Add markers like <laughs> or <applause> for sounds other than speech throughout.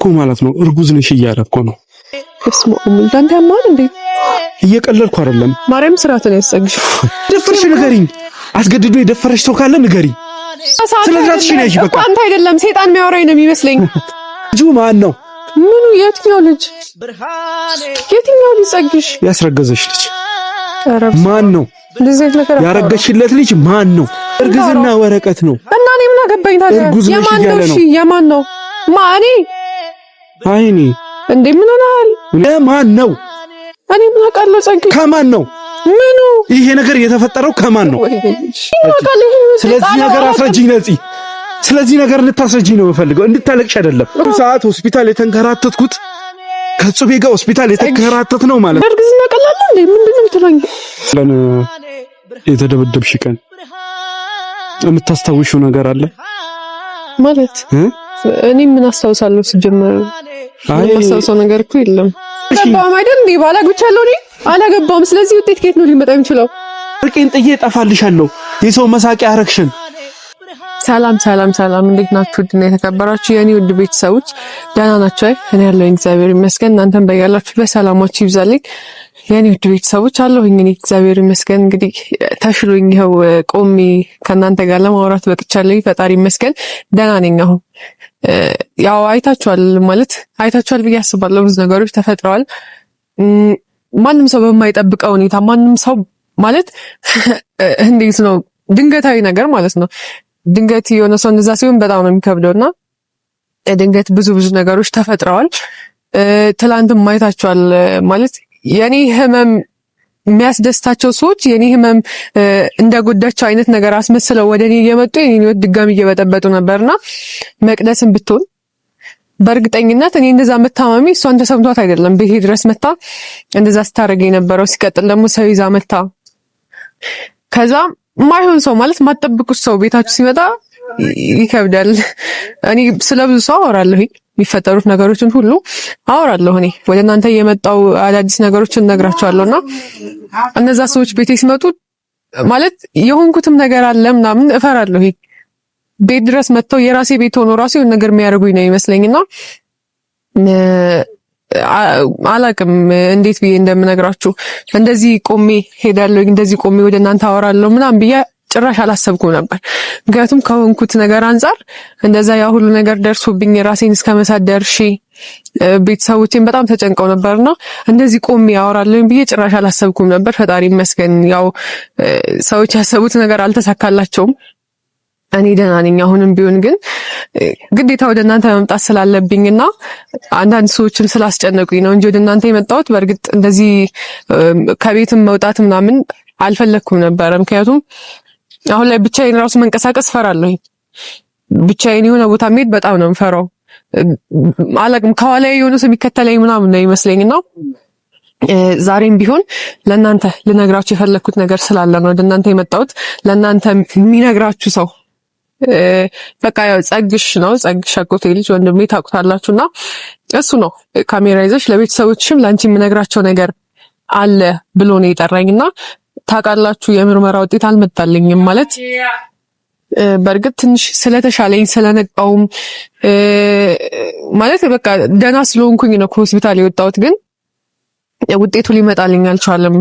እኮ ማለት ነው እርጉዝ ነሽ እያለ ነው። እስሞ እንዳንተ ያማል እንዴ? እየቀለልኩ አይደለም። ማርያም ስራትን ያሰግሽ ደፍርሽ ንገሪኝ። አስገድዶ የደፈረሽ ሰው ካለ ንገሪ። ስለዚህ ሽነሽ በቃ አንተ አይደለም ሰይጣን የሚያወራኝ ነው የሚመስለኝ። <laughs> ልጁ ማን ነው? ምኑ? የትኛው ልጅ? የትኛው ልጅ? ጸግሽ ያስረገዘሽ ልጅ ማን ነው? ያረገሽለት ልጅ ማን ነው? እርግዝና ወረቀት ነው እና እኔ ምን አገባኝ ታዲያ? የማን ነው? የማን ነው? ማን አይኒ እንዴ ምን ሆነሃል? ለማን ነው? እኔ ምን አውቃለሁ። ጸጋ ከማን ነው? ምኑ ይሄ ነገር የተፈጠረው ከማን ነው? ስለዚህ ነገር አስረጅኝ ነፂ። ስለዚህ ነገር እንድታስረጅኝ ነው የምፈልገው፣ እንድታለቅሽ አይደለም። ሰዓት ሆስፒታል የተንከራተትኩት ከጽቤ ጋር ሆስፒታል የተንከራተት ነው ማለት ነው። እርግዝና ቀላል እንዴ? ምንድነው ትለኝ? የተደበደብሽ ቀን የምታስታውሽው ነገር አለ ማለት እኔ ምን አስታውሳለሁ ስጀምር የማስታውሰው ነገር እኮ የለም። ገባም አይደል እንዴ? ባላግብቻለሁ እኔ አላገባም። ስለዚህ ውጤት ከየት ነው ሊመጣ የሚችለው? ወርቄን ጥዬ እጠፋልሻለሁ። የሰው መሳቂያ አረግሽን። ሰላም ሰላም ሰላም፣ እንዴት ናችሁ? ውድና የተከበራችሁ የእኔ ውድ ቤተሰቦች ደህና ናችሁ? እኔ ያለሁኝ እግዚአብሔር ይመስገን። እናንተም በያላችሁ በሰላማችሁ ይብዛልኝ። የኔ ውድ ቤተሰቦች አለሁ እኔ እግዚአብሔር ይመስገን። እንግዲህ ተሽሎኝ ይኸው ቆሜ ከእናንተ ጋር ለማውራት በቅቻለሁ። ፈጣሪ ይመስገን፣ ደህና ነኝ አሁን ያው አይታችኋል ማለት አይታችኋል ብዬ አስባለሁ። ብዙ ነገሮች ተፈጥረዋል። ማንም ሰው በማይጠብቀው ሁኔታ ማንም ሰው ማለት እንዴት ነው ድንገታዊ ነገር ማለት ነው። ድንገት የሆነ ሰው እንደዛ ሲሆን በጣም ነው የሚከብደው እና ድንገት ብዙ ብዙ ነገሮች ተፈጥረዋል። ትላንትም አይታችኋል ማለት የኔ ህመም የሚያስደስታቸው ሰዎች የኔ ህመም እንደጎዳቸው አይነት ነገር አስመስለው ወደ እኔ እየመጡ የኔን ህይወት ድጋሚ እየበጠበጡ ነበርና መቅደስን ብትሆን በእርግጠኝነት እኔ እንደዛ መታማሚ እሷን ተሰምቷት አይደለም ቤቴ ድረስ መታ እንደዛ ስታደርግ የነበረው። ሲቀጥል ደግሞ ሰው ይዛ መታ። ከዛ ማይሆን ሰው ማለት ማጠብቁት ሰው ቤታችሁ ሲመጣ ይከብዳል። እኔ ስለ ብዙ ሰው አወራለሁኝ የሚፈጠሩት ነገሮችን ሁሉ አወራለሁ። እኔ ወደ እናንተ የመጣው አዳዲስ ነገሮችን እነግራቸዋለሁ እና እነዛ ሰዎች ቤቴ ሲመጡ ማለት የሆንኩትም ነገር አለ ምናምን እፈራለሁ። ቤት ድረስ መጥተው የራሴ ቤት ሆኖ ራሱ የሆነ ነገር የሚያደርጉኝ ነው እና አላቅም እንዴት ብዬ እንደምነግራችሁ እንደዚህ ቆሜ ሄዳለሁ፣ እንደዚህ ቆሜ ወደ እናንተ አወራለሁ ምናምን ብዬ ጭራሽ አላሰብኩም ነበር። ምክንያቱም ከሆንኩት ነገር አንጻር እንደዛ ያ ሁሉ ነገር ደርሶብኝ ራሴን እስከመሳደር ሺ ቤተሰቦቼን በጣም ተጨንቀው ነበርና እንደዚህ ቆሜ ያወራለኝ ብዬ ጭራሽ አላሰብኩም ነበር። ፈጣሪ ይመስገን። ያው ሰዎች ያሰቡት ነገር አልተሳካላቸውም። እኔ ደህና ነኝ። አሁንም ቢሆን ግን ግዴታ ወደ እናንተ መምጣት ስላለብኝና አንዳንድ ሰዎችም ስላስጨነቁኝ ነው እንጂ ወደ እናንተ የመጣሁት በእርግጥ እንደዚህ ከቤትም መውጣት ምናምን አልፈለግኩም ነበረ ምክንያቱም አሁን ላይ ብቻዬን ራሱ መንቀሳቀስ ፈራለሁ። ብቻዬን የሆነ ቦታ መሄድ በጣም ነው የምፈራው። አላቅም ከኋላዬ የሆነ ሰው የሚከተለኝ ምናምን ነው ይመስለኝ እና ዛሬም ቢሆን ለእናንተ ልነግራችሁ የፈለግኩት ነገር ስላለ ነው ወደ የመጣውት የመጣሁት። ለእናንተ የሚነግራችሁ ሰው በቃ ያው ጸግሽ ነው ጸግሽ አጎቴ ልጅ ወንድሜ ታውቁታላችሁ። እና እሱ ነው ካሜራ ይዘሽ ለቤተሰቦችሽም ለአንቺ የምነግራቸው ነገር አለ ብሎ ነው የጠራኝ እና ታውቃላችሁ የምርመራ ውጤት አልመጣልኝም ማለት በእርግጥ ትንሽ ስለተሻለኝ ስለነቃውም ማለት በቃ ደህና ስለሆንኩኝ ነው ከሆስፒታል የወጣሁት። ግን ውጤቱ ሊመጣልኝ አልቻለም።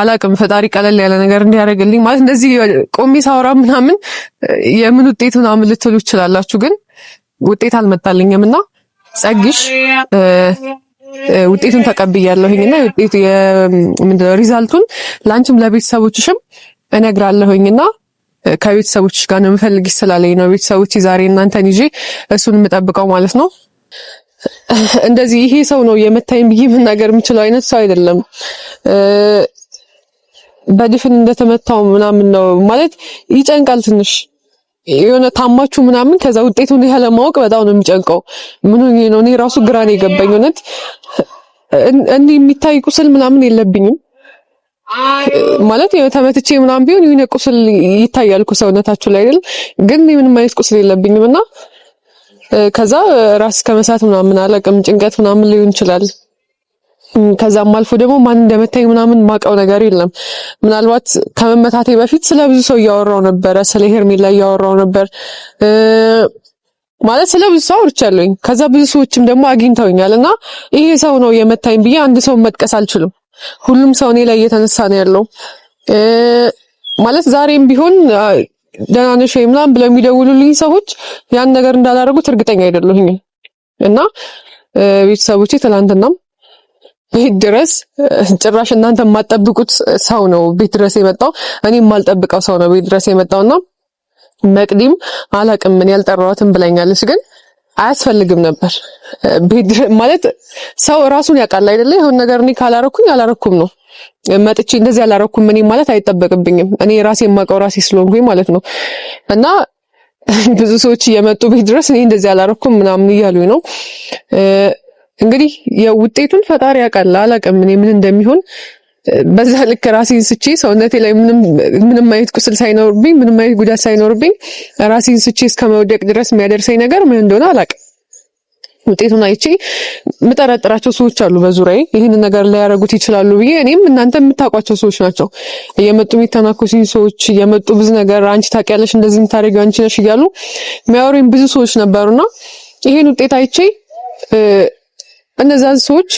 አላቅም ፈጣሪ ቀለል ያለ ነገር እንዲያደርግልኝ ማለት እንደዚህ ቆሜ ሳውራ ምናምን የምን ውጤት ምናምን ልትሉ ይችላላችሁ። ግን ውጤት አልመጣልኝም እና ጸግሽ ውጤቱን ተቀብያለሁኝ እና ውጤቱ ምንድነው ሪዛልቱን ለአንቺም ለቤተሰቦችሽም እነግራለሁኝ እና ከቤተሰቦችሽ ጋር ነው የምፈልግሽ ስላለኝ ነው ቤተሰቦች ዛሬ እናንተን ይዤ እሱን የምጠብቀው ማለት ነው። እንደዚህ ይሄ ሰው ነው የመታኝ ብዬ መናገር የምችለው አይነት ሰው አይደለም። በድፍን እንደተመታው ምናምን ነው ማለት ይጨንቃል ትንሽ የሆነ ታማችሁ ምናምን ከዛ ውጤቱን ያለማወቅ በጣም ነው የሚጨንቀው። ምን ሆኜ ነው እኔ ራሱ ነው የገባኝ እውነት። እንዲህ የሚታይ ቁስል ምናምን የለብኝም ማለት ተመትቼ ምናምን ቢሆን የሆነ ቁስል ይታያል ሰውነታችሁ ላይ አይደል፣ ግን ምንም አይነት ቁስል የለብኝም እና ከዛ ራስ ከመሳት ምናምን አላውቅም ጭንቀት ምናምን ሊሆን ይችላል። ከዛም አልፎ ደግሞ ማን እንደመታኝ ምናምን ማቀው ነገር የለም። ምናልባት ከመመታቴ በፊት ስለ ብዙ ሰው እያወራው ነበረ፣ ስለ ሄርሜላ እያወራው ነበር ማለት ስለ ብዙ ሰው አውርቻለሁኝ። ከዛ ብዙ ሰዎችም ደግሞ አግኝተውኛል እና ይሄ ሰው ነው የመታኝ ብዬ አንድ ሰው መጥቀስ አልችልም። ሁሉም ሰው እኔ ላይ እየተነሳ ነው ያለው። ማለት ዛሬም ቢሆን ደህና ነሽ ወይ ምናምን ብለው የሚደውሉልኝ ሰዎች ያን ነገር እንዳላደረጉት እርግጠኛ አይደለሁኝ እና ቤተሰቦቼ ትላንትናም ቤት ድረስ ጭራሽ እናንተ የማትጠብቁት ሰው ነው ቤት ድረስ የመጣው። እኔ የማልጠብቀው ሰው ነው ቤት ድረስ የመጣውና መቅዲም አላቅም ምን ያልጠራዋትን ብለኛለች፣ ግን አያስፈልግም ነበር ማለት ሰው ራሱን ያውቃል አይደለ? ይሁን ነገር እኔ ካላረኩኝ አላረኩም ነው መጥቼ እንደዚህ አላረኩም እኔ ማለት አይጠበቅብኝም። እኔ ራሴ የማውቀው ራሴ ስለሆንኩኝ ማለት ነው እና ብዙ ሰዎች እየመጡ ቤት ድረስ እኔ እንደዚህ አላረኩም ምናምን እያሉኝ ነው እንግዲህ የውጤቱን ፈጣሪ ያውቃል። አላውቅም እኔ ምን እንደሚሆን በዛ ልክ ራሴን ስቼ ሰውነቴ ላይ ምንም አይነት ቁስል ሳይኖርብኝ ምንም አይነት ጉዳት ሳይኖርብኝ ራሴን ስቼ እስከ መውደቅ ድረስ የሚያደርሰኝ ነገር ምን እንደሆነ አላውቅም። ውጤቱን አይቼ የምጠረጥራቸው ሰዎች አሉ በዙሪያ ይህን ነገር ሊያደርጉት ይችላሉ ብዬ እኔም እናንተ የምታውቋቸው ሰዎች ናቸው እየመጡ የሚተናኮሱኝ ሰዎች እየመጡ ብዙ ነገር አንቺ ታውቂያለሽ፣ እንደዚህ የምታደርጊው አንቺ ነሽ እያሉ የሚያወሩኝ ብዙ ሰዎች ነበሩና ይህን ውጤት አይቼ እነዛን ሰዎች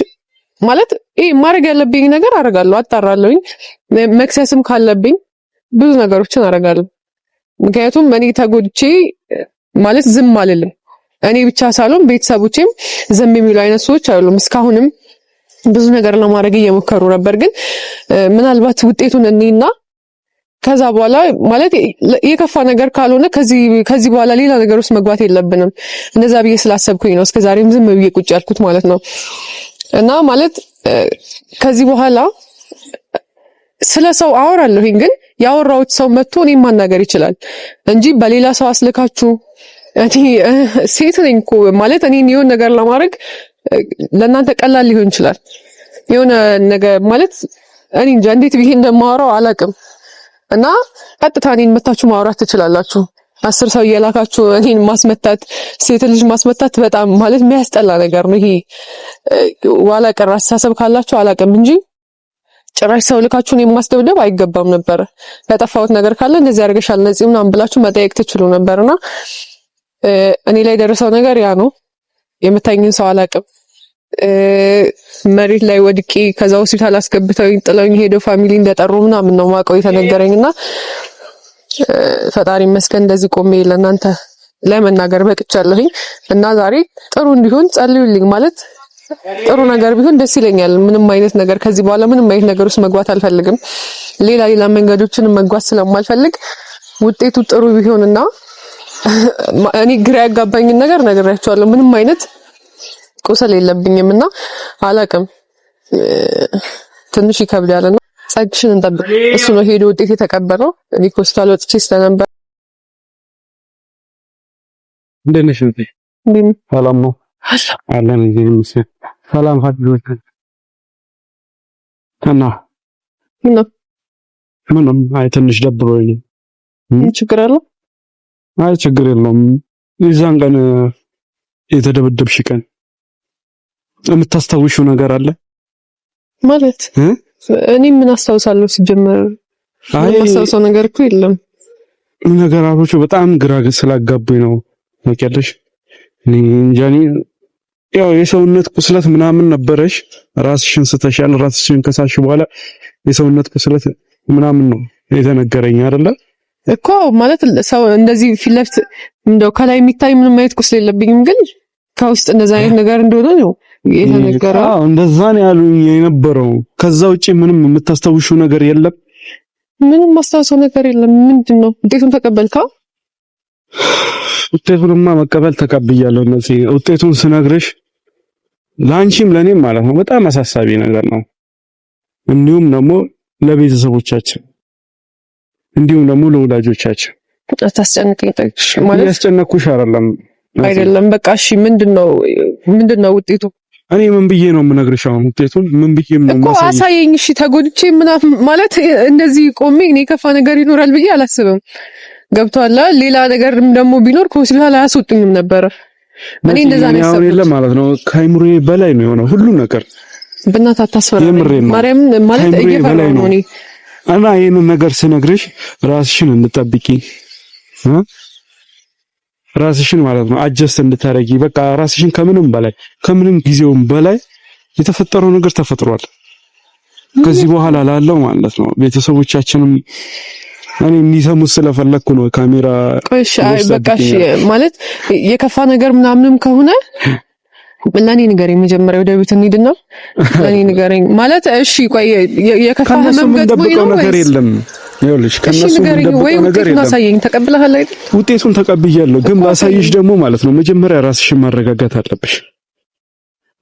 ማለት ይሄ ማድረግ ያለብኝ ነገር አደርጋለሁ፣ አጣራለሁኝ። መክሰስም ካለብኝ ብዙ ነገሮችን አደርጋለሁ። ምክንያቱም እኔ ተጎድቼ ማለት ዝም አልልም። እኔ ብቻ ሳልሆን ቤተሰቦቼም ዝም የሚሉ አይነት ሰዎች አሉም። እስካሁንም ብዙ ነገር ለማድረግ እየሞከሩ ነበር፣ ግን ምናልባት ውጤቱን እኔና ከዛ በኋላ ማለት የከፋ ነገር ካልሆነ ከዚህ በኋላ ሌላ ነገር ውስጥ መግባት የለብንም። እንደዛ ብዬ ስላሰብኩኝ ነው እስከዛሬም ዝም ብዬ ቁጭ ያልኩት ማለት ነው። እና ማለት ከዚህ በኋላ ስለ ሰው አወራለሁኝ፣ ግን ያወራሁት ሰው መጥቶ እኔም ማናገር ይችላል እንጂ በሌላ ሰው አስልካችሁ እኔ ሴት ነኝ እኮ ማለት እኔ የሆን ነገር ለማድረግ ለእናንተ ቀላል ሊሆን ይችላል። የሆነ ነገር ማለት እኔ እንጃ እንዴት ብዬ እንደማወራው አላውቅም። እና ቀጥታ እኔን መታችሁ ማውራት ትችላላችሁ። አስር ሰው እየላካችሁ እኔን ማስመታት ሴት ልጅ ማስመታት በጣም ማለት የሚያስጠላ ነገር ነው። ይሄ ዋላ ቀር አስተሳሰብ ካላችሁ አላቅም እንጂ ጭራሽ ሰው ልካችሁን የማስደብደብ አይገባም ነበር። ያጠፋሁት ነገር ካለ እንደዚህ አድርገሻል ነፂ ምናምን ብላችሁ መጠየቅ ትችሉ ነበርና እኔ ላይ የደረሰው ነገር ያ ነው። የምታኝን ሰው አላቅም። መሬት ላይ ወድቄ ከዛ ሆስፒታል አስገብተው ጥለውኝ ሄደው ፋሚሊ እንደጠሩ ምናምን ነው ማውቀው የተነገረኝ። እና ፈጣሪ ይመስገን እንደዚህ ቆሜ ለእናንተ ለመናገር በቅቻለሁኝ። እና ዛሬ ጥሩ እንዲሆን ጸልዩልኝ ማለት ጥሩ ነገር ቢሆን ደስ ይለኛል። ምንም አይነት ነገር ከዚህ በኋላ ምንም አይነት ነገር ውስጥ መግባት አልፈልግም። ሌላ ሌላ መንገዶችን መግባት ስለማልፈልግ ውጤቱ ጥሩ ቢሆንና እኔ ግራ ያጋባኝን ነገር ነግራችኋለሁ። ምንም አይነት ቁስል የለብኝም እና አላቅም ትንሽ ያለ ነው። ጸግሽን እንጠብቅ። እሱ ነው ሄዶ ውጤት የተቀበለው። እኔ ኮስታል ወጥቼ ስለነበር እንደት ነሽ? ውጤ ሰላም ነው አለን ይመስል ሰላም ፋጆች እና ምንም ምንም አይ ትንሽ ደብሮኝ ነው። ችግር አለ? አይ ችግር የለውም። የዛን ቀን የተደበደብሽ ቀን የምታስታውሽው ነገር አለ ማለት እኔ ምን አስታውሳለሁ? ሲጀመር የማስታውሰው ነገር እኮ የለም። ነገራቶቹ በጣም ግራ ስላጋቡኝ ነው ታውቂያለሽ። እኔ ያው የሰውነት ቁስለት ምናምን ነበረሽ። ራስሽን ስተሻል። ራስሽን ከሳሽ በኋላ የሰውነት ቁስለት ምናምን ነው የተነገረኝ አይደለ እኮ ማለት ሰው እንደዚህ ፊት ለፊት እንደው ከላይ የሚታይ ምንም አይነት ቁስል የለብኝም፣ ግን ከውስጥ እንደዛ አይነት ነገር እንደሆነ ነው የተነገረው እንደዛ ነው ያሉ የነበረው። ከዛ ውጪ ምንም የምታስታውሽው ነገር የለም? ምንም ማስታውሰው ነገር የለም። ምንድን ነው ውጤቱን ተቀበልካ? ውጤቱንማ መቀበል ተቀብያለሁ። እነዚህ ውጤቱን ስነግርሽ ለአንቺም ለእኔም ማለት ነው በጣም አሳሳቢ ነገር ነው። እንዲሁም ደግሞ ለቤተሰቦቻችን፣ እንዲሁም ደግሞ ለወላጆቻችን አታስጨንቀኝ። ማለት አይደለም አይደለም። በቃ እሺ፣ ምንድን ነው ምንድን ነው ውጤቱ? እኔ ምን ብዬ ነው የምነግርሽ? አሁን ውጤቱን ምን ብዬ ነው እኮ አሳየኝ። እሺ ተጎድቼ ምናምን ማለት እንደዚህ ቆሜ እኔ የከፋ ነገር ይኖራል ብዬ አላስብም። ገብቷል። ሌላ ነገርም ደግሞ ቢኖር ከሆስፒታል አያስወጡኝም ነበረ። እኔ እንደዛ ነው ያሰብኩት። የለም ማለት ነው ከአይምሮዬ በላይ ነው የሆነው ሁሉ ነገር። በእናትህ አታስፈራኝ ማርያም። ማለት እየፈራሁ ነው እኔ እና ይሄንን ነገር ስነግርሽ ራስሽን እንድጠብቂ ራስሽን ማለት ነው አጀስት እንድታረጊ በቃ ራስሽን ከምንም በላይ ከምንም ጊዜውም በላይ የተፈጠረው ነገር ተፈጥሯል። ከዚህ በኋላ ላለው ማለት ነው ቤተሰቦቻችንም እኔ እንዲሰሙት ስለፈለግኩ ነው ካሜራ። እሺ፣ አይ በቃ እሺ፣ ማለት የከፋ ነገር ምናምንም ከሆነ ለእኔ ንገረኝ። መጀመሪያ ወደ ቤት እንሂድና ለእኔ ንገረኝ ማለት እሺ። ቆይ የከፋ ነገር የለም ይኸውልሽ ከነሱ ነገር ውጤቱን አሳየኝ። ተቀብለሃል አይደል? ውጤቱን ተቀብያለሁ፣ ግን ላሳይሽ ደግሞ ማለት ነው መጀመሪያ ራስሽን ማረጋጋት አለብሽ።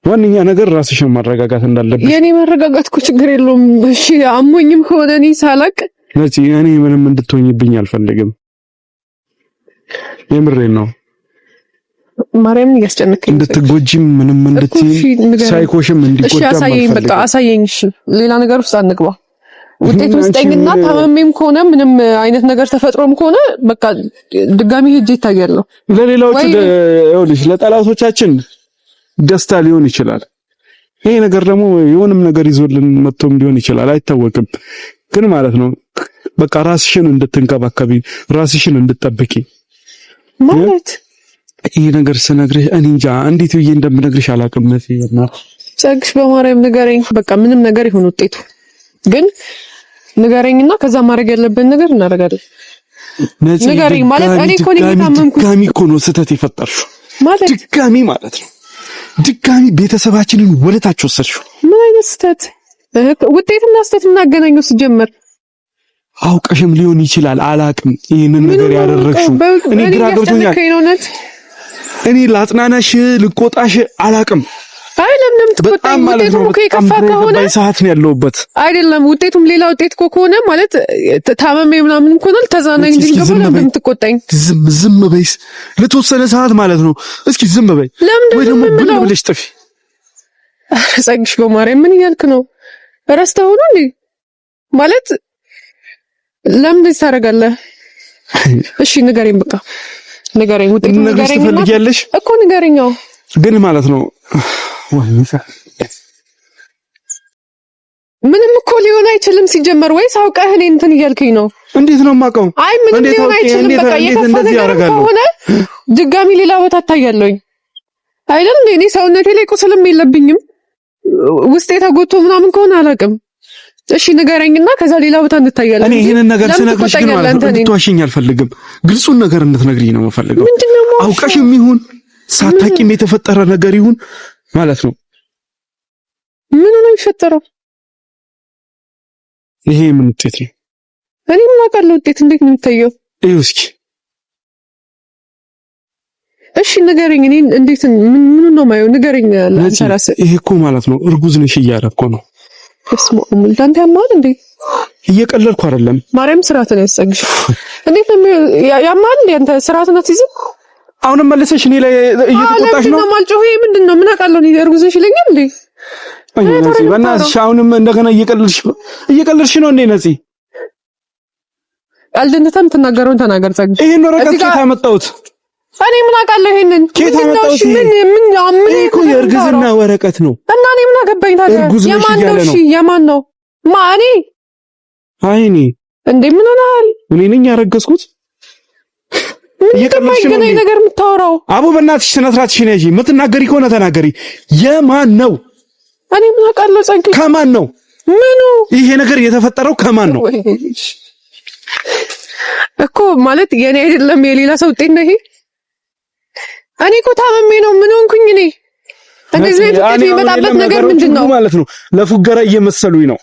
ዋነኛ ነገር ራስሽን ማረጋጋት እንዳለብሽ። የኔ ማረጋጋት እኮ ችግር የለውም። እሺ አሞኝም ከሆነ እኔ ሳላቅ ነጭ እኔ ምንም እንድትሆኝብኝ አልፈልግም። የምሬን ነው። ማርያምን እያስጨነቀኝ እንድትጎጂም ምንም እንድትይ ሳይኮሽም እንዲጎዳ አሳየኝ። በቃ አሳየኝ። እሺ ሌላ ነገር ውስጥ አንግባ። ውጤት ውስጠኝና ታመሜም ከሆነ ምንም አይነት ነገር ተፈጥሮም ከሆነ በቃ ድጋሚ ሄጄ ይታያለሁ። ለሌላዎች ለጠላቶቻችን ደስታ ሊሆን ይችላል። ይሄ ነገር ደግሞ የሆንም ነገር ይዞልን መጥቶም ሊሆን ይችላል፣ አይታወቅም። ግን ማለት ነው በቃ ራስሽን እንድትንከባከቢ ራስሽን እንድትጠብቂ ማለት ይሄ ነገር ስነግርሽ እኔ እንጃ እንዴት ብዬ እንደምነግርሽ አላውቅም። ጸግሽ በማርያም ንገረኝ። በቃ ምንም ነገር ይሁን ውጤቱ ግን ንገረኝና ከዛ ማድረግ ያለብን ነገር እናደርጋለን። ንገረኝ ማለት እኔ እኮ ነኝ የታመምኩት። ድጋሚ እኮ ነው ስህተት የፈጠርሽው ማለት ድጋሚ ማለት ነው። ድጋሚ ቤተሰባችንን ወለታቸው ወሰድሽው። ምን አይነት ስህተት ውጤትና ስህተት እናገናኘው ስጀመር አውቀሽም ሊሆን ይችላል አላቅም። ይህንን ነገር ያደረግሽው እኔ ግራ ገብቶኛል። እኔ ላጽናናሽ ልቆጣሽ አላቅም። አይ ለምንም በጣም ማለት ነው። በጣም ከሆነ ሰዓት ነው ያለውበት አይደለም። ውጤቱም ሌላ ውጤት እኮ ከሆነ ማለት ታመሜ ምናምን ኮናል ተዛናኝ እንጂ ገባ ነው የምትቆጣኝ። ዝም ዝም በይስ ለተወሰነ ሰዓት ማለት ነው። እስኪ ዝም በይ ወይ ደግሞ ምን ብለሽ ጥፊ። ጸግሽ በማርያም ምን እያልክ ነው? ረስተው ሆኖ እንዴ ማለት ለምን ታደርጋለህ? <laughs> እሺ ንገረኝ፣ በቃ ንገረኝ፣ ውጤቱ ንገረኝ እኮ ንገረኝ። ግን ማለት ነው ምንም እኮ ሊሆን አይችልም። ሲጀመር ወይስ አውቀህ እኔ እንትን እያልከኝ ነው? እንዴት ነው የማውቀው? አይ ምንም ሊሆን አይችልም። በቃ እንደዚህ ነገር ሆነ ድጋሚ ሌላ ቦታ እታያለሁኝ አይደል? እንደ እኔ ሰውነቴ ላይ ቁስልም የለብኝም። ውስጤ ተጎቶ ምናምን ከሆነ አላውቅም። እሺ ንገረኝና ከዛ ሌላ ቦታ እንታያለን። እኔ ይሄንን ነገር ስነግርሽ ግን ማለት እንድትዋሽኝ አልፈልግም። ግልጹን ነገር እንድትነግሪኝ ነው የምፈልገው። አውቀሽም ይሁን ሳታቂም የተፈጠረ ነገር ይሁን ማለት ነው። ምን ነው የሚፈጠረው? ይሄ ምን ውጤት ነው? እኔ የማውቃለው ውጤት እንዴት ነው የሚታየው? እዩ እስኪ እሺ ንገረኝ። እኔ እንዴት ምን ምን ነው ማየው? ንገረኝ። ለአንተራስ ይሄ እኮ ማለት ነው እርጉዝ ነሽ እያለ እኮ ነው። እስሞ ሙልዳን ያማል እንዴ? እየቀለልኩ አይደለም። ማርያም ነው ያሰግሽ። እንዴት ነው ያማል እንዴ? አንተ ነው አትይዝም አሁንም መለሰሽ እኔ ላይ እየተቆጣሽ ነው። ማልጮህ ምንድን ነው? ምን አውቃለሁ እኔ እርጉዝ ነሽ ይለኛል እንዴ? አይ ነፂ፣ በእናትሽ አሁንም እንደገና እየቀለድሽ እየቀለድሽ ነው እንዴ ነፂ? አልደንተም የምትናገረውን ተናገር ፀግ። ይሄን ወረቀት ከየት አመጣሁት? እኔ ምን አውቃለሁ ይሄንን ከየት አመጣሁት? ምን ምን ምን እኮ የእርግዝና ወረቀት ነው እና እኔ ምን አገባኝ ታዲያ? የማን ነው? እሺ የማን ነው? ማን እኔ? አይ እኔ እንዴ ምን ሆነሃል? እኔ ነኝ ያረገዝኩት እየቀለድሽ ነው ነገር የምታወራው? አቡ በእናትሽ ስነ ስርዓትሽ ነው እንጂ የምትናገሪ ከሆነ ተናገሪ። የማን ነው? እኔ ምን አውቃለሁ? ጸንኪ ከማን ነው? ምኑ ይሄ ነገር የተፈጠረው ከማን ነው እኮ? ማለት የኔ አይደለም የሌላ ሰው ውጤት ነው ይሄ። እኔ እኮ ታመሜ ነው። ምን ሆንኩኝ እኔ? እንደዚህ ቤት የሚመጣበት ነገር ምንድን ነው ማለት ነው? ለፉገራ እየመሰሉኝ ነው።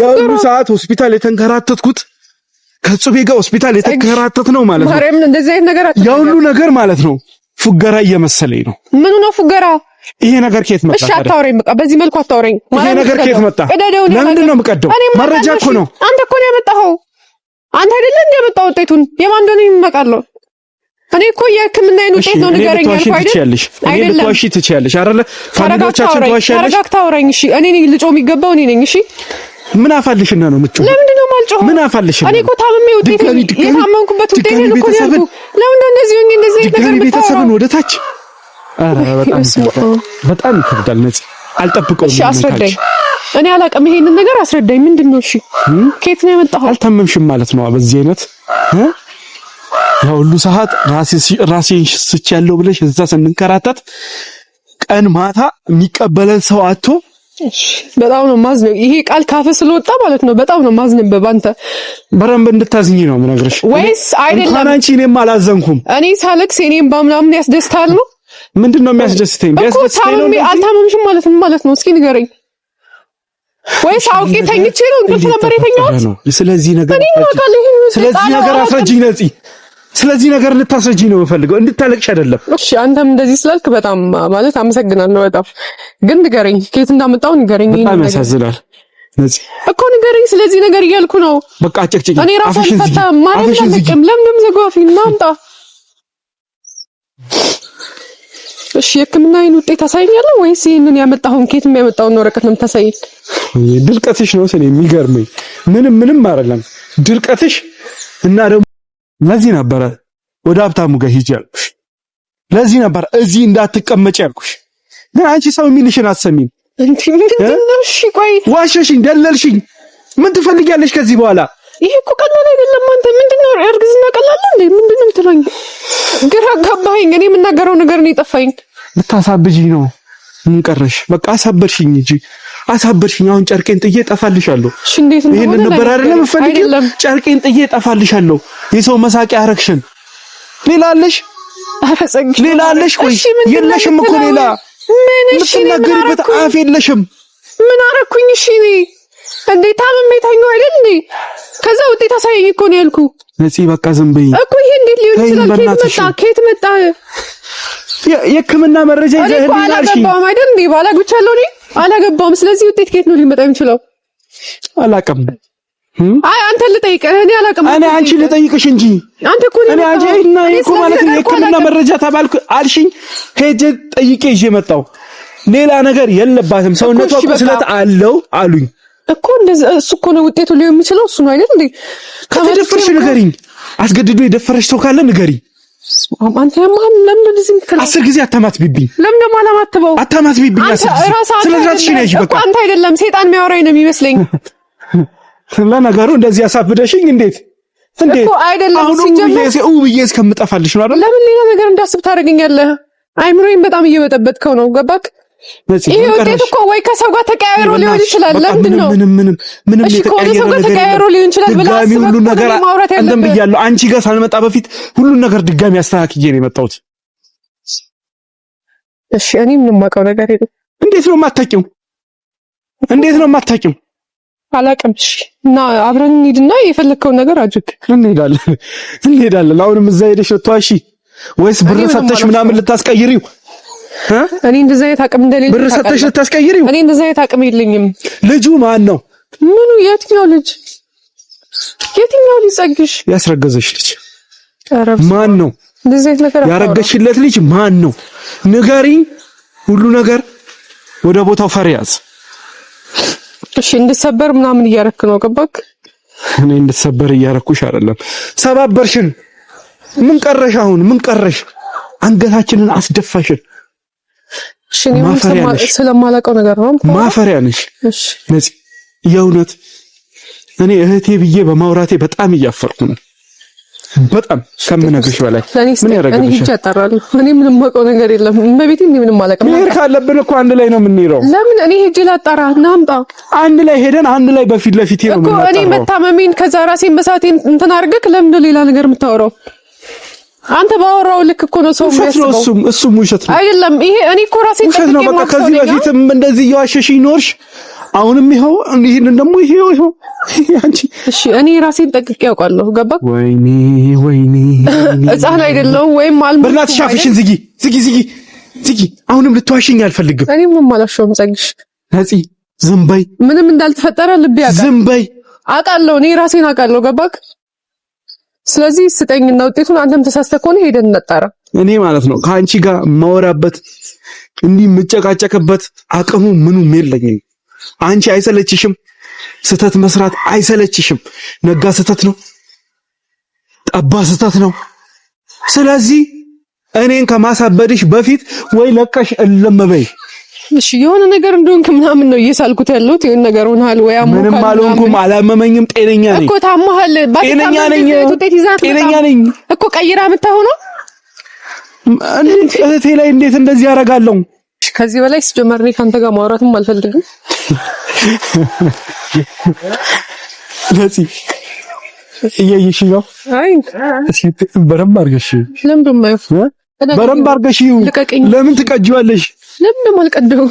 የሁሉ ሰዓት ሆስፒታል የተንከራተትኩት ከጽቤ ጋር ሆስፒታል የተከራተት ነው ማለት ነው። ማርያምን እንደዚህ አይነት ነገር አጥቶ ሁሉ ነገር ማለት ነው ፉገራ እየመሰለኝ ነው። ምኑ ነው ፉገራ? ይሄ ነገር ከየት መጣ? እሺ አታውረኝ፣ በቃ በዚህ መልኩ አታውረኝ። ይሄ ነገር ከየት መጣ? ለምንድን ነው የምቀደው? መረጃ እኮ ነው። አንተ እኮ ነው ያመጣኸው። አንተ አይደለ እንደ ያመጣው ውጤቱን የማን እንደሆነ ይመቃለሁ። እኔ እኮ የሕክምናዬን ውጤት ነው ንገረኝ ያልኩህ አይደል? አይደለም ተዋሺ ትችያለሽ አይደለ? ፋሚሊዎቻችን ተዋሺ ያለሽ ታረጋግታ አውረኝ። እሺ እኔ ልጮህ የሚገባው እኔ ነኝ። እሺ ምን አፋልሽና ነው ምጭ? ለምንድን ነው የማልጮህ? ምን አፋልሽ? እኔ እኮ ታምሜ ውጤት የታመንኩበት ውጤት ነው እኮ ያልኩ። ለምን ነው እንደዚህ ሆኜ እንደዚህ ነገር ብታወራ? ቤተሰብን ወደ ታች። ኧረ በጣም በጣም ይከብዳል። ነጽ አልጠብቀውም። እሺ አስረዳኝ። እኔ አላውቅም። ይሄንን ነገር አስረዳኝ። ምንድን ነው? እሺ ከየት ነው የመጣኸው? አልታመምሽም ማለት ነው በዚህ አይነት ያ ሁሉ ሰዓት ራሴን ስች ያለው ብለሽ እዛ ስንንከራተት ቀን ማታ የሚቀበለን ሰው አጥቶ በጣም ነው ማዝነው። ይሄ ቃል ካፈ ስለወጣ ማለት ነው በጣም ነው ማዝነበብ። አንተ በረንብ እንድታዝኝ ነው የምነግርሽ ወይስ አይደለም? አንቺ እኔም አላዘንኩም። እኔ ሳለቅስ እኔም ባምናምን ያስደስታል ነው ምንድን ነው የሚያስደስተኝ? ቢያስደስተኝ አልታመምሽም ማለት ነው ማለት ነው። እስኪ ንገረኝ። ወይስ አውቄ ተኝቼ ነው እንቅልፍ ነበር የተኛሁት? ስለዚህ ነገር ስለዚህ ነገር አስረጅኝ ነፂ ስለዚህ ነገር እንድታስረጂ ነው የምፈልገው፣ እንድታለቅሽ አይደለም። እሺ፣ አንተም እንደዚህ ስላልክ በጣም ማለት አመሰግናለሁ። በጣም ግን ንገረኝ፣ ከየት እንዳመጣው ንገረኝ። በጣም ያሳዝናል እኮ ንገረኝ፣ ስለዚህ ነገር እያልኩ ነው። በቃ አጨቅጭኝ። እኔ ራሱ አልፈታም። ማንም አልለቅም። ለምንም ዘጓፊ እናምጣ። እሺ፣ የህክምና አይን ውጤት ታሳይኛለህ ወይስ ይህንን ያመጣሁን ከየት የሚያመጣውን ወረቀት ነው የምታሳይኝ? ድርቀትሽ ነው ስለ የሚገርመኝ ምንም ምንም አይደለም ድርቀትሽ እና ደግሞ ለዚህ ነበረ ወደ ሀብታሙ ጋር ሂጂ ያልኩሽ። ለዚህ ነበር እዚህ እንዳትቀመጭ ያልኩሽ። ግን አንቺ ሰው የሚልሽን አትሰሚም። ዋሸሽኝ፣ ደለልሽኝ። ምን ትፈልጊያለሽ ከዚህ በኋላ? ይሄ እኮ ቀላል አይደለም። አንተ ምንድነው እርግዝና ቀላል እንዴ? ምንድነው የምትለኝ? ግራ ገባኝ። እኔ የምናገረው ነገር ነው የጠፋኝ። ልታሳብጂኝ ነው ምን ቀረሽ? በቃ አሳበርሽኝ እንጂ አሳበርሽኝ። አሁን ጨርቄን ጥዬ እሺ እንዴት ነው? ይሄን ነበር አይደለም ፈልግ። ጨርቄን ጥዬ ጠፋልሻለሁ። የሰው መሳቂያ አረክሽን። ሌላ አለሽ? ሌላ አለሽ? ቆይ የለሽም እኮ ሌላ ምን እሺ፣ የምትናገሪበት አፍ የለሽም። ምን አረኩኝ? እሺ እኔ እንዴ ታምሜ ተኛሁ አይደል እንዴ? ከዛ ውጤት አሳየኝ እኮ ነው ያልኩህ ነፂ። በቃ ዝም በይኝ እኮ ይሄ እንዴት ሊሆን ይችላል? ከየት መጣ? ከየት መጣ የሕክምና መረጃ ይዘህ እንዴ? አላገባም አይደል እንዴ? ባላግብቻለሁ እኔ አላገባም። ስለዚህ ውጤት ከየት ነው ሊመጣ የሚችለው? አላቅም። አይ አንተ ልጠይቅህ፣ እኔ አላቅም። እኔ አንቺ ልጠይቅሽ እንጂ አንተ እኮ እኔ አንቺ እና እኮ ማለት የሕክምና መረጃ ተባልኩ አልሽኝ፣ ሄጄ ጠይቄ ይዤ መጣሁ። ሌላ ነገር የለባትም፣ ሰውነቷ ቁስለት አለው አሉኝ እኮ። እንደዚህ እሱ እኮ ነው ውጤቱ ሊሆን የሚችለው እሱ ነው አይደል እንዴ? ከተደፈርሽ ንገሪኝ። አስገድዶ የደፈረሽ ሰው ካለ ንገሪኝ። አንተ ያማን ለምን እንደዚህ የምትለው? አስር ጊዜ አታማት ቢብኝ። ለምን ደግሞ አላማትበው? አታማት ቢብኝ። አስር ጊዜ ስለ በቃ አንተ አይደለም ሰይጣን የሚያወራኝ ነው የሚመስለኝ። <laughs> ለነገሩ እንደዚህ ያሳብደሽኝ እንዴት እንዴት አይደለም። ሲጀምር እስከምጠፋልሽ ነው አይደል? ለምን ሌላ ነገር እንዳስብ ታደርገኛለህ? አይምሮዬን በጣም እየበጠበጥከው ነው። ገባክ? ይሄ ውጤት እኮ ወይ ከሰው ጋር ተቀያይሮ ሊሆን ይችላል። ለምንድን ነው ምንም ምንም ምንም ጋር ተቀያይሮ ነገር ብያለሁ። አንቺ ጋር ሳልመጣ በፊት ሁሉን ነገር ድጋሚ አስተካክዬ ነው የመጣሁት። እሺ እኔ ምንም የማውቀው ነገር የለም። እንዴት ነው የማታውቂው? እንዴት ነው የማታውቂው? አላውቅም። እሺ እና አብረን እንሂድና የፈለግከውን ነገር አድርግ። እንሄዳለን፣ እንሄዳለን። አሁንም እዛ ሄደሽ ወጥቷ እሺ፣ ወይስ ብር ሰጥተሽ ምናምን ልታስቀይሪው እኔ እንደዛ አይነት አቅም እንደሌለ ብር ሰጥተሽ ልታስቀይሪ? እኔ እንደዛ አይነት አቅም የለኝም። ልጁ ማን ነው? ምኑ? የትኛው ልጅ? የትኛው ልጅ? ጸግሽ ያስረገዘሽ ልጅ ማን ነው? አይነት ነገር ያረገሽለት ልጅ ማን ነው? ንገሪ። ሁሉ ነገር ወደ ቦታው ፈሪያዝ። እሺ፣ እንድሰበር ምናምን እያረክ ነው። ገባክ? እኔ እንድሰበር እያረኩሽ አይደለም። ሰባበርሽን። ምን ቀረሽ? አሁን ምን ቀረሽ? አንገታችንን አስደፋሽን። ስለማላውቀው ነገር ነው። ማፈሪያ ነሽ ነፂ። የእውነት እኔ እህቴ ብዬ በማውራቴ በጣም እያፈርኩ ነው። በጣም ከምነግርሽ በላይ ምን እኔ ምንም ነገር የለም። እኔ ምንም አላውቅም። መሄድ ካለብን እኮ አንድ ላይ ነው የምንሄደው። ለምን እኔ ሄጄ ላጣራ አንድ ላይ ሄደን አንድ ላይ በፊት ለፊት ነው እኮ እኔ መታመሜን ከዛ ራሴን እንትን አድርገህ ለምን ሌላ ነገር የምታወራው? አንተ ባወራው ልክ እኮ ነው ሰው የሚያስበው። እሱም እሱም ውሸት ነው አይደለም። ይሄ እኔ እኮ ራሴ ውሸት ነው በቃ። ከዚህ በፊትም እንደዚህ እየዋሸሽኝ ኖርሽ፣ አሁንም ይኸው። ይሄንን ደግሞ ይሄው ይኸው። <laughs> አንቺ እሺ፣ እኔ ራሴን ጠቅቄ ያውቃለሁ። ገባክ? ወይኔ ወይኔ፣ ሕፃን አይደለሁም ወይም አልሞት። በእናትሽ አፍሽን ዝጊ፣ ዝጊ፣ ዝጊ፣ ዝጊ። አሁንም ልትዋሽኝ አልፈልግም። እኔ ምን ማላሽውም ጸግሽ ነፂ፣ ዝም በይ። ምንም እንዳልተፈጠረ ልብ ያውቃል። ዝም በይ። አውቃለሁ፣ እኔ ራሴን አውቃለሁ። ገባክ? ስለዚህ ስጠኝና ውጤቱን አንተም ተሳስተህ ከሆነ ሄደን እንጣራ። እኔ ማለት ነው ከአንቺ ጋር የማወራበት እንዲህ የምጨቃጨቅበት አቅሙ ምኑም የለኝም። አንቺ አይሰለችሽም? ስህተት መስራት አይሰለችሽም? ነጋ ስህተት ነው፣ ጠባ ስህተት ነው። ስለዚህ እኔን ከማሳበድሽ በፊት ወይ ለቀሽ እልም በይ። እሺ የሆነ ነገር እንደሆንክ ምናምን ነው እየሳልኩት ያለሁት። ይሄን ነገር ሆናል ወይ? አሞካል ምንም አልሆንኩም፣ አላመመኝም። ጤነኛ ነኝ እኮ ታመሃል? ጤነኛ ነኝ፣ ጤነኛ ነኝ እኮ ቀይራ የምታሆነው እንዴት እህቴ ላይ እንዴት እንደዚህ ያደርጋለሁ? ከዚህ በላይ ስጀመር እኔ ካንተ ጋር ማውራትም አልፈልግም። ለዚ እየይሽ ነው። አይ በደንብ አድርገሽ ለምን ትቀጅዋለሽ? ለምን ማልቀደው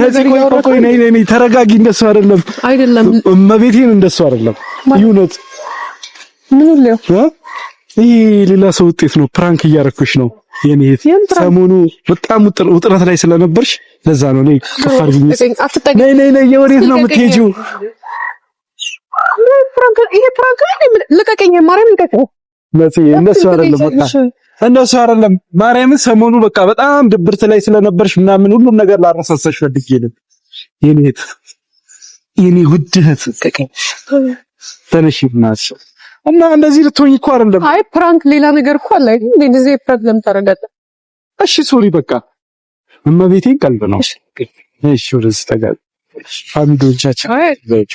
ነዚህ ቆይ ቆይ፣ ነይ ነይ ነይ፣ ተረጋጊ። እንደሱ አይደለም አይደለም፣ እመቤቴን እንደሱ አይደለም። ይሁነት ምን ነው ይሄ ሌላ ሰው ውጤት ነው። ፕራንክ እያረኩሽ ነው የኔ እህት። ሰሞኑ በጣም ውጥረት ላይ ስለነበርሽ ለዛ ነው። ነይ ተፋርግኝ። ነይ ነይ ነይ፣ የወዴት ነው የምትሄጂው? ይሄ ፕራንክ ልቀቀኝ፣ ማርያም ልቀቀኝ። ነፂ እንደሱ አይደለም በቃ እንደሱ አይደለም። ማርያምን ሰሞኑ በቃ በጣም ድብርት ላይ ስለነበርሽ ምናምን ሁሉም ነገር ላረሳሳሽ ፈልጌ ነበር። የኔ እህት፣ የኔ ውድ ተነሽ ምናምን እና እንደዚህ ልትሆኝ እኮ አይደለም። አይ ፕራንክ፣ ሌላ ነገር እኮ አለ አይደል? እንደዚህ ፕራንክ ለምን እሺ ሶሪ፣ በቃ እመቤቴን ቀልብ ነው። እሺ ወደዚህ ተጋል ፋሚሊዎቻችን ዘቾ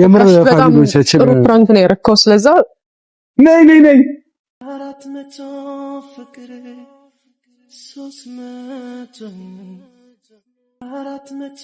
የምር ፋሚሊዎቻችን ፕራንክ ነው ያረከው። ስለዛ ነይ ነይ ነይ አራት መቶ ፍቅር ሶስት መቶ አራት መቶ